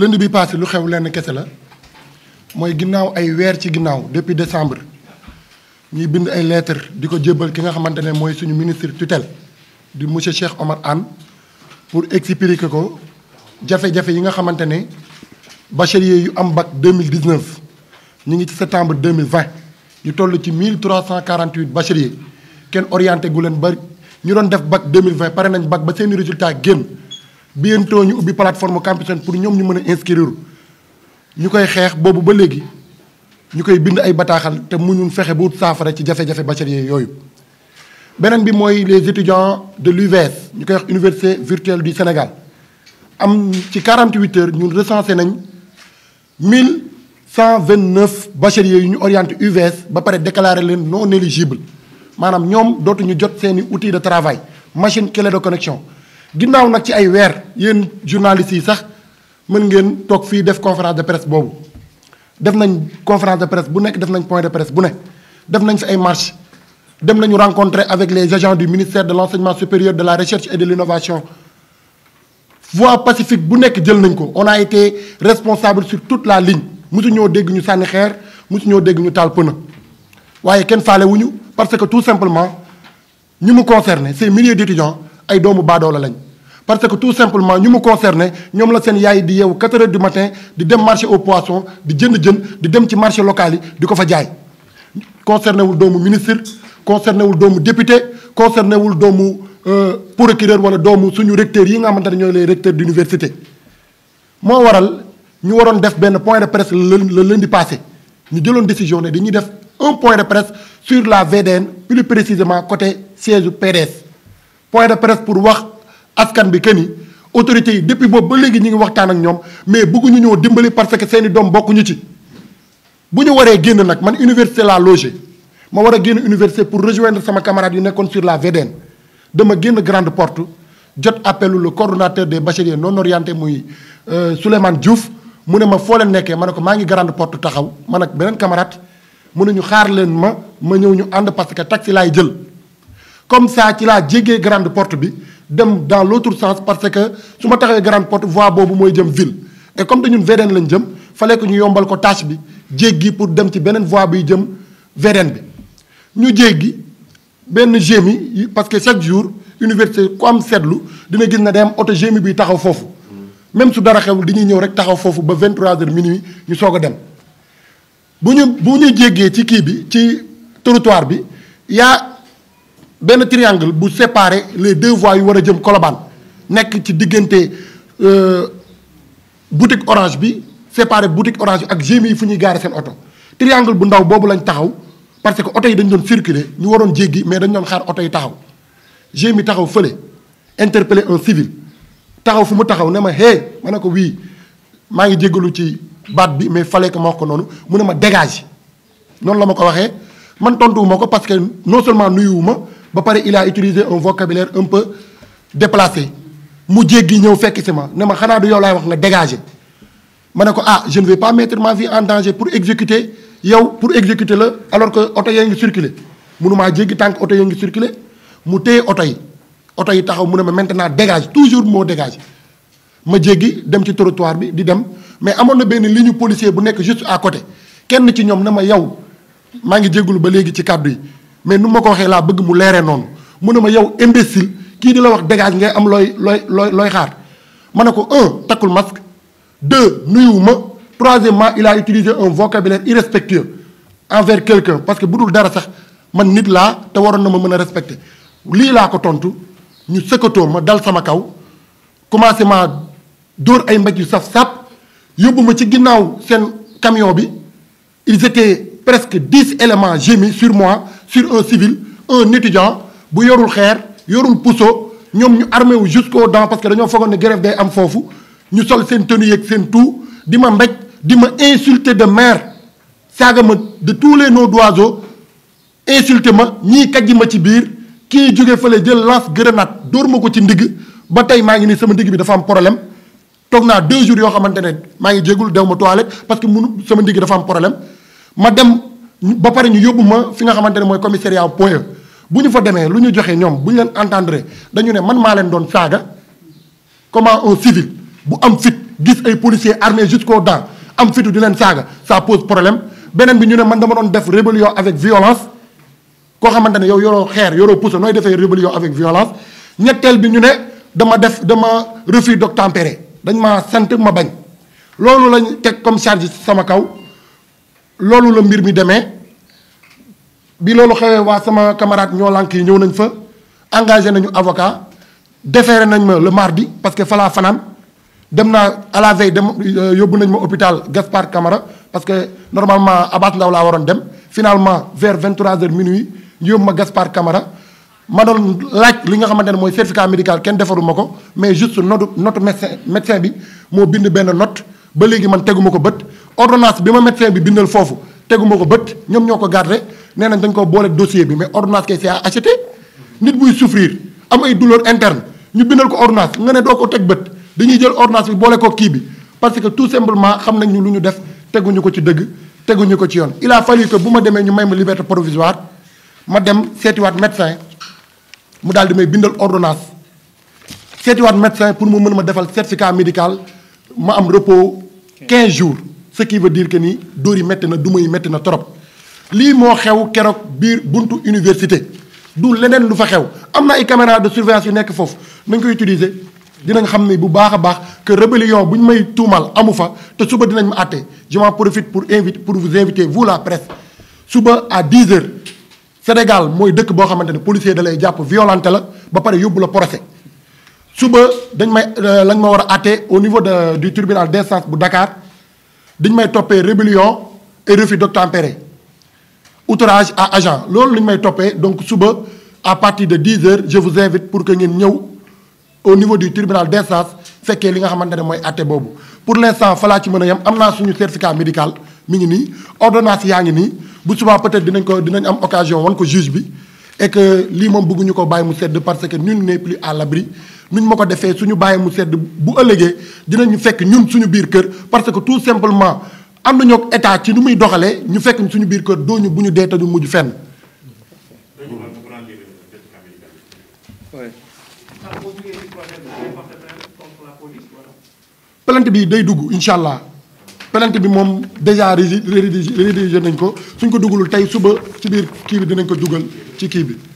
lënd bi passé lu xew lenn kese la mooy ginnaaw ay weer ci ginnaaw depuis décembre ñuy bind ay lettre di ko jébbal ki nga xamante ne mooy suñu ministre tutelle di monsieur Cheikh Omar Anne pour expliquer ko jafe-jafe yi nga xamante ne bachelier yu am bac 2019 ñu ngi ci septembre 2020 ñu toll ci 1348 bachelier kenn orienté gu leen ba ñu doon def bac 2020 pare nañ bac ba seeni résultat génn bientôt ñu ubbi plateforme Campusen pour ñoom ñu mën a inscrire ñu koy xeex boobu ba léegi ñu koy bind ay bataaxal te mënuñ fexe bu wut saafara ci jafe-jafe bachelier yooyu. beneen bi mooy les étudiants de l'UVS ñu koy wax université virtuelle du Sénégal am ci 48 heures ñu recensé nañ mille cent 1129 bacheliers yu ñu orienté UVS ba pare déclaré leen non éligible maanaam ñoom dootuñu jot seeni outils de travail machine clé de connexion. ginnaaw nag ci ay weer yéen journalistes yi sax mën ngeen toog fii def conférence de presse boobu def nañ conférence de presse bu nekk def nañ point de presse bu ne def nañ fi ay marche dem nañu rencontrer avec les agents du ministère de l'enseignement supérieur de la recherche et de l'innovation voie pacifique bu nekk jël nañ ko on a été responsable sur toute la ligne mosu ñoo dégg ñu sànni xeer musu ñoo dégg ñu taal pëna waaye kenn faale wuñu parce que tout simplement ñu mu concerné ces milliers d'étudiants ay doomu baadoola lañ parce que tout simplement ñu mu concerné ñoom la seen yaay di yeewu 4 heures du matin di dem marché au poisson di jënd jën di dem ci marché local yi di ko fa jaay concerné wul doomu ministre concerné wul doomu député concerné wul doomu euh, procureur wala doomu suñu recteurs yi nga xamante ne ñooy les recteurs d'université moo waral ñu waroon def benn point de presse leen di passé ñu jëloon décision ne dañuy def un point de presse sur la VDN plus précisément côté siège PDS point de presse pour wax askan bi que ni autorités yi depuis boobu ba léegi ñu ngi waxtaan ak ñoom mais bëgguñu ñoo dimbali parce que seeni i doom bokkuñu ci. bu ñu waree génn nag man université la logé ma war a génn université pour rejoindre sama camarade yu nekkoon sur la VDN dama génn grande porte jot appelu le coordonnateur des bacheliers non orientés muy euh, Souleymane Diouf mu ne ma foo leen nekkee ma ne ko maa ngi grande porte taxaw man ak beneen camarade mu ne xaar leen ma ma ñëw ñu ànd parce que taxi laay jël. comme ça ci laa jégee grande porte bi dem dans l' autre sens parce que su ma taxawee grande porte voie boobu mooy jëm ville et comme dañun VDN lañu jëm fallait que ñu yombal ko tâche bi jéggi pour dem ci beneen voie biy jëm VDN bi ñu jéggi benn gémi parce que chaque jour université ku am seetlu dina gis na dem am oto gémi taxaw foofu même su dara xewul dañuy ñëw rek taxaw foofu ba vingt 23h minuit ñu soog a dem bu ñu bu ñu jéggee ci kii bi ci territoire bi benn triangle bu séparer les deux voies yu war a jëm Colobane nekk ci diggante euh, boutique orange bi séparer boutique orange ak GMI yi fu ñuy gaare seen oto triangle bu ndaw boobu lañ taxaw parce que oto yi dañ doon circuler ñu waroon jéggi mais dañ doon xaar oto yi taxaw GMI taxaw fële interpeller un civil taxaw fu mu taxaw ne ma hey ma ne ko wii maa ngi jégalu ci baat bi mais fallait ko ma wax ko noonu mu ne ma dégage noonu la ma ko waxee man tontuwu ma ko parce que non seulement nuyuwu ma ba pare il a utilisé un vocabulaire un peu déplacé mu jéggi ñëw fekk si ma ne ma xanaa du yow laay wax nga dégagé ma ne ko ah je ne vais pas mettre ma vie en danger pour exécuter yow pour exécuter la alors que oto yee ngi circulé munumaa jéggi tànk oto yaa ngi circulé mu téye oto yi oto yi taxaw mu ne ma maintenant dégage toujours moo dégage ma jéggi dem ci trottoir bi di dem mais amoon na benn li ñu policier bu nekk juste à côté kenn ci ñoom ne yow maa ngi jéggulu ba léegi ci kàddu yi mais nu ma ko waxee laa bëgg mu leeree noonu mun a ma yow imbécile kii di la wax dégage ngay am looy looy looy looy xaar ma ne ko un takkul masque deux nuyu ma troisièmement il a utilisé un vocabulaire irrespectueux envers quelqu'un parce que bu dul dara sax man nit laa te waroon na ma mën a respecter lii laa ko tontu ñu sëkkatoo ma dal sama kaw commencé ma dóor ay mbéj yu saf sàpp yóbbu ma ci ginnaaw seen camion bi ils étaient presque dix éléments gémis sur moi sur un civil un étudiant bu yorul xeer yorul puso ñoom ñu armé wu jusqu'aux dents parce que dañoo foogoon ne grève gay am foofu ñu sol seen tenue yeeg seen tout di ma mbéj di ma insulter de mer saaga ma de tous les noms d'oiseaux insulter ma ñii kajji ma ci biir kii jóge fële jël lance grenade dóor ma ko ci ndigg ba tey maa ngi nii sama ndigg bi dafa am problème toog naa deux jours yoo xamante ne maa ngi jégul dew ma toilette parce que munu sama ndigg dafa am problème ma dem ba pare ñu yóbbu ma fi nga xamante ne mooy commissariat point e. bu ñu fa demee lu ñu joxe ñoom bu ñu leen entendre dañu ne man maa leen doon saaga comment un civil bu am fit gis ay policiers armés jusqu'aux dents am fitu di leen saaga sa pose problème beneen bi ñu ne man dama doon def rébellion avec violence koo xamante ne yow yoroo xeer yoroo puso nooy defee rébellion avec violence ñetteel bi ñu ne dama def dama refus d'obtempérer dañ maa sant ma bañ loolu lañ teg comme charge sama kaw loolu la mbir mi demee bi loolu xewee waa sama camarade ñoo lànk yi ñëw nañ fa engagé nañu avocat déféré nañ ma le mardi parce que falaa fanaan dem naa à la dem euh, yóbbu nañ ma hôpital Gaspard Camara parce que normalement Abass Ndao laa waroon dem finalement vers 23h minuit ñu yóbbu ma Gaspard Camara ma doon laaj li nga xamante ne mooy certificat médical kenn defaruma ko mais juste notu notu médecin médecin bi moo bind benn not ba léegi man teguma ko bët ordonnance bi ma médecin bi bindal foofu teguma ko bët ñoom ñoo ko garder nee nañ dañ ko boole dossier bi mais ordonnance kay c'est à acheter nit buy souffrir am ay douleur interne ñu bindal ko ordonnance nga ne doo ko teg bët dañuy jël ordonnance bi boole ko kii bi parce que tout simplement xam nañ ñu lu ñu def teguñu ko ci dëgg teguñu ko ci yoon il a fallu que bu ma demee ñu may ma liberté provisoire ma dem seetiwaat médecin mu daal di may bindal ordonnance seetiwaat médecin pour mu mën ma defal certificat médical ma am repos 15 jours ce qui veut dire que ni dóor yi métti na duma yi métti na trop lii moo xew keroog biir buntu université du leneen lu fa xew am na ay caméra de surveillance yu nekk foofu nañ koy utiliser dinañ xam ni bu baax a baax que rébellion bu ñu may tuumal amu fa te suba dinañ ma àtte je m'en profite pour inviter pour vous inviter vous la suba à 10 heures Sénégal mooy dëkk boo xamante ne policier da lay jàpp violenté la ba pare yóbbu la procès suba dañ may euh, lañ ma war a àtte au niveau de du tribunal d'instance bu Dakar dañ may toppee rébulion et refus d'obtempérer outrage à agent loolu lañ may toppee donc suba à partir de 10 heures je vous invite pour que ngeen ñëw au niveau du tribunal d'instance fekkee li nga xamante ne mooy àtte boobu pour l'instant falaa ci mën a yem am naa suñu certificat médical mi ngi nii ordonnance yaa ngi nii bu subaa peut-être dinañ ko dinañ am occasion wan ko juge bi et que lii moom bëgguñu ko bàyyi mu sedd parce que ñun n'est plus à l'abri nuñ ma ko defee suñu bàyyi mu sedd bu ëllëgee ñu fekk ñun suñu biir kër parce que tout simplement am nañoo état ci nu muy doxalee ñu fekk suñu biir kër dooñu bu ñu dee te du mujj fenn. plainte bi day dugg incha allah. plainte bi moom déjà rédigé rédigé nañ ko suñ ko dugalul tey suba ci biir kii bi dinañ ko dugal ci kii bi